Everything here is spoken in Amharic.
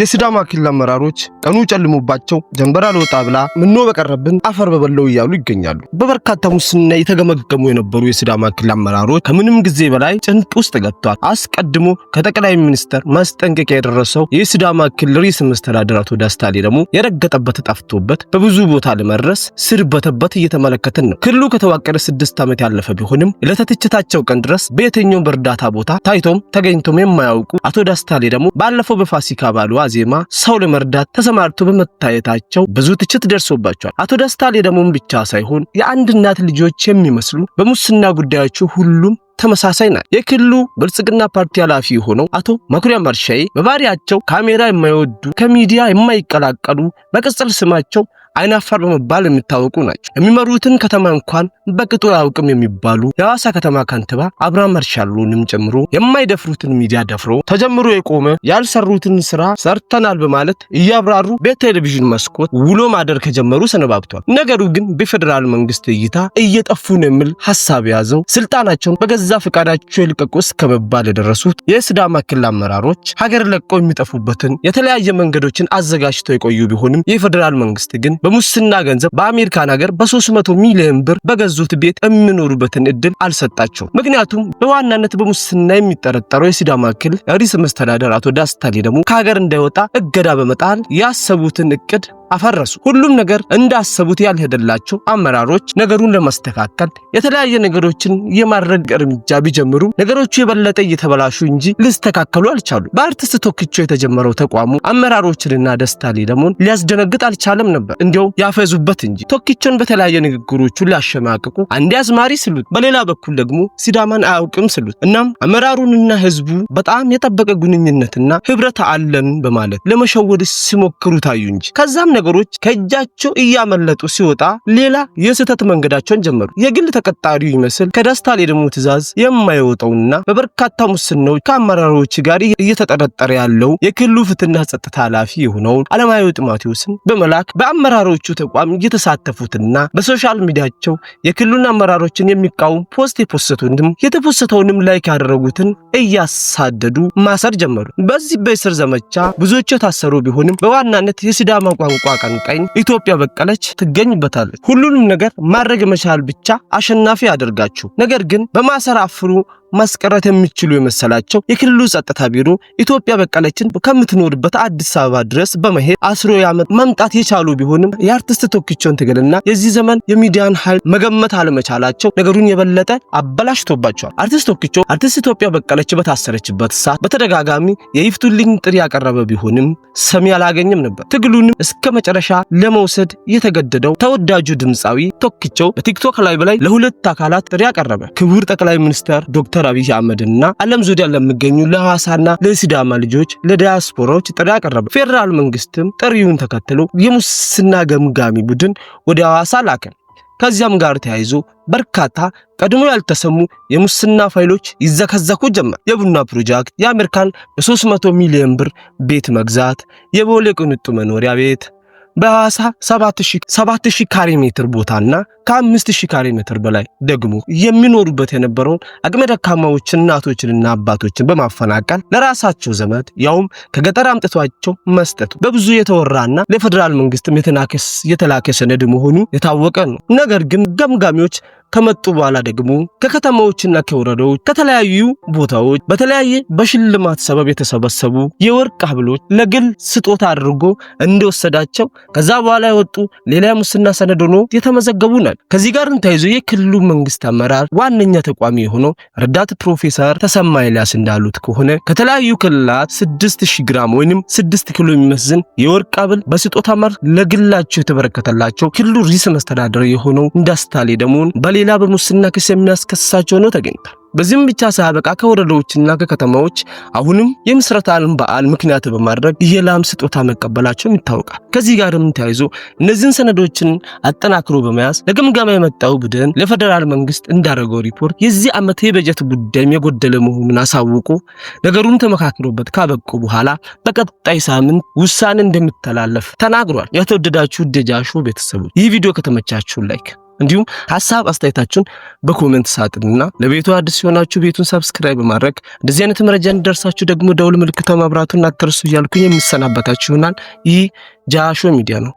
የሲዳማ ክልል አመራሮች ቀኑ ጨልሞባቸው ጀንበር አልወጣ ብላ ምኖ በቀረብን አፈር በበለው እያሉ ይገኛሉ። በበርካታ ሙስና የተገመገሙ የነበሩ የሲዳማ ክልል አመራሮች ከምንም ጊዜ በላይ ጭንቅ ውስጥ ገብቷል። አስቀድሞ ከጠቅላይ ሚኒስተር ማስጠንቀቂያ የደረሰው የሲዳማ ክልል ርዕሰ መስተዳድር አቶ ደስታ ሌዳሞ ደግሞ የረገጠበት ጠፍቶበት በብዙ ቦታ ለመድረስ ስር በተበት እየተመለከትን ነው። ክልሉ ከተዋቀረ ስድስት ዓመት ያለፈ ቢሆንም ለተትችታቸው ቀን ድረስ በየትኛውም በእርዳታ ቦታ ታይቶም ተገኝቶም የማያውቁ አቶ ደስታ ሌዳሞ ደግሞ ባለፈው በፋሲካ ባሉ ዋዜማ ሰው ለመርዳት ተሰማርቶ በመታየታቸው ብዙ ትችት ደርሶባቸዋል። አቶ ደስታ ሌዳሞን ብቻ ሳይሆን የአንድ እናት ልጆች የሚመስሉ በሙስና ጉዳዮቹ ሁሉም ተመሳሳይ ናት። የክልሉ ብልጽግና ፓርቲ ኃላፊ የሆነው አቶ መኩሪያ መርሻዬ በባህሪያቸው ካሜራ የማይወዱ ከሚዲያ የማይቀላቀሉ በቅጽል ስማቸው አይናፋር በመባል የሚታወቁ ናቸው። የሚመሩትን ከተማ እንኳን በቅጡ አያውቅም የሚባሉ የሐዋሳ ከተማ ከንቲባ አብርሃም መርሻሉንም ጨምሮ የማይደፍሩትን ሚዲያ ደፍሮ ተጀምሮ የቆመ ያልሰሩትን ስራ ሰርተናል በማለት እያብራሩ በቴሌቪዥን መስኮት ውሎ ማደር ከጀመሩ ሰነባብቷል። ነገሩ ግን በፌዴራል መንግስት እይታ እየጠፉን የሚል ሀሳብ የያዘው ስልጣናቸውን በገዛ በገዛ ፈቃዳቸው የልቀቁ እስከ መባል የደረሱት የስዳማ ክልል አመራሮች ሀገር ለቀው የሚጠፉበትን የተለያየ መንገዶችን አዘጋጅተው የቆዩ ቢሆንም የፌዴራል መንግስት ግን በሙስና ገንዘብ በአሜሪካን ሀገር በ300 ሚሊዮን ብር በገዙት ቤት የሚኖሩበትን እድል አልሰጣቸው። ምክንያቱም በዋናነት በሙስና የሚጠረጠረው የስዳማ ክልል ርዕሰ መስተዳደር አቶ ዳስታሌ ደግሞ ከሀገር እንዳይወጣ እገዳ በመጣል ያሰቡትን እቅድ አፈረሱ። ሁሉም ነገር እንዳሰቡት ያልሄደላቸው አመራሮች ነገሩን ለማስተካከል የተለያየ ነገሮችን የማድረግ እርምጃ ቢጀምሩ ነገሮቹ የበለጠ እየተበላሹ እንጂ ሊስተካከሉ አልቻሉ። በአርቲስት ቶክቾ የተጀመረው ተቋሙ አመራሮችንና ደስታ ሌዳሞን ሊያስደነግጥ አልቻለም ነበር፣ እንዲው ያፈዙበት እንጂ። ቶክቾን በተለያየ ንግግሮቹ ሊያሸማቅቁ አንዴ አዝማሪ ስሉት፣ በሌላ በኩል ደግሞ ሲዳማን አያውቅም ስሉት። እናም አመራሩንና ህዝቡ በጣም የጠበቀ ግንኙነትና ህብረት አለን በማለት ለመሸወድ ሲሞክሩ ታዩ እንጂ ከዛም ነገሮች ከእጃቸው እያመለጡ ሲወጣ ሌላ የስህተት መንገዳቸውን ጀመሩ። የግል ተቀጣሪው ይመስል ከደስታ ደግሞ ትእዛዝ የማይወጣውና በበርካታ ሙስናዎች ከአመራሮች ጋር እየተጠረጠረ ያለው የክልሉ ፍትህና ጸጥታ ኃላፊ የሆነውን አለማየሁ ጢሞቴዎስን በመላክ በአመራሮቹ ተቋም እየተሳተፉትና በሶሻል ሚዲያቸው የክልሉን አመራሮችን የሚቃወም ፖስት የፖሰቱንም የተፖሰተውንም ላይክ ያደረጉትን እያሳደዱ ማሰር ጀመሩ። በዚህ በእስር ዘመቻ ብዙዎቹ የታሰሩ ቢሆንም በዋናነት የሲዳማ ቋንቋ አቀንቃኝ ኢትዮጵያ በቀለች ትገኝበታለች። ሁሉንም ነገር ማድረግ መቻል ብቻ አሸናፊ ያደርጋችሁ። ነገር ግን በማሰር ማስቀረት የሚችሉ የመሰላቸው የክልሉ ጸጥታ ቢሮ ኢትዮጵያ በቀለችን ከምትኖርበት አዲስ አበባ ድረስ በመሄድ አስሮ ያመት መምጣት የቻሉ ቢሆንም የአርቲስት ቶኪቾን ትግልና የዚህ ዘመን የሚዲያን ኃይል መገመት አለመቻላቸው ነገሩን የበለጠ አበላሽቶባቸዋል። አርቲስት ቶኪቾ አርቲስት ኢትዮጵያ በቀለች በታሰረችበት ሰዓት በተደጋጋሚ የይፍቱልኝ ጥሪ ያቀረበ ቢሆንም ሰሚ አላገኘም ነበር። ትግሉንም እስከ መጨረሻ ለመውሰድ የተገደደው ተወዳጁ ድምፃዊ ቶኪቾ በቲክቶክ ላይ በላይ ለሁለት አካላት ጥሪ አቀረበ። ክቡር ጠቅላይ ሚኒስትር ዶክተር ዶክተር አብይ አህመድና ዓለም ዙሪያ ለሚገኙ ለሐዋሳና ለሲዳማ ልጆች ለዲያስፖራዎች ጥሪ አቀረበ። ፌዴራል መንግስትም ጥሪውን ተከትሎ የሙስና ገምጋሚ ቡድን ወደ ሐዋሳ ላከ። ከዚያም ጋር ተያይዞ በርካታ ቀድሞ ያልተሰሙ የሙስና ፋይሎች ይዘከዘኩ ጀመር። የቡና ፕሮጀክት፣ የአሜሪካን በ300 ሚሊዮን ብር ቤት መግዛት፣ የቦሌ ቅንጡ መኖሪያ ቤት በሐዋሳ 7000 ካሬ ሜትር ቦታና ከ5000 ካሬ ሜትር በላይ ደግሞ የሚኖሩበት የነበረውን አቅመ ደካማዎች እናቶችንና አባቶችን በማፈናቀል ለራሳቸው ዘመድ ያውም ከገጠር አምጥቷቸው መስጠት በብዙ የተወራና ለፌዴራል መንግስትም የተላከ ሰነድ መሆኑ የታወቀ ነው። ነገር ግን ገምጋሚዎች ከመጡ በኋላ ደግሞ ከከተማዎችና ከወረዳዎች ከተለያዩ ቦታዎች በተለያየ በሽልማት ሰበብ የተሰበሰቡ የወርቅ ሀብሎች ለግል ስጦታ አድርጎ እንደወሰዳቸው ከዛ በኋላ የወጡ ሌላ የሙስና ሰነድ ሆኖ የተመዘገቡ ናል። ከዚህ ጋር ተያይዞ የክልሉ መንግስት አመራር ዋነኛ ተቋሚ የሆነው ረዳት ፕሮፌሰር ተሰማ ኤልያስ እንዳሉት ከሆነ ከተለያዩ ክልላት 6000 ግራም ወይንም 6 ኪሎ የሚመዝን የወርቅ ሀብል በስጦታ መር ለግላቸው የተበረከተላቸው ክልሉ ርዕሰ መስተዳደር የሆነው እንዳስታሌ ደሞን በሌ ሌላ በሙስና ክስ የሚያስከስሳቸው ነው ተገኝቷል። በዚህም ብቻ ሳያበቃ ከወረዳዎችና ከከተማዎች አሁንም የምስረታን በዓል ምክንያት በማድረግ የላም ስጦታ መቀበላቸውም ይታወቃል። ከዚህ ጋርም ተያይዞ እነዚህን ሰነዶችን አጠናክሮ በመያዝ ለግምገማ የመጣው ቡድን ለፌዴራል መንግስት እንዳደረገው ሪፖርት የዚህ ዓመት የበጀት ጉዳይም የጎደለ መሆኑን አሳውቆ ነገሩን ተመካክሮበት ካበቁ በኋላ በቀጣይ ሳምንት ውሳኔ እንደሚተላለፍ ተናግሯል። የተወደዳችሁ ደጃሾ ቤተሰቦች ይህ ቪዲዮ ከተመቻችሁ ላይክ እንዲሁም ሀሳብ አስተያየታችሁን በኮመንት ሳጥንና ለቤቱ አዲስ ሲሆናችሁ ቤቱን ሰብስክራይብ በማድረግ እንደዚህ አይነት መረጃ እንዲደርሳችሁ ደግሞ ደውል ምልክተው መብራቱን አትርሱ እያልኩኝ የሚሰናበታችሁ ይሆናል። ይህ ጃሾ ሚዲያ ነው።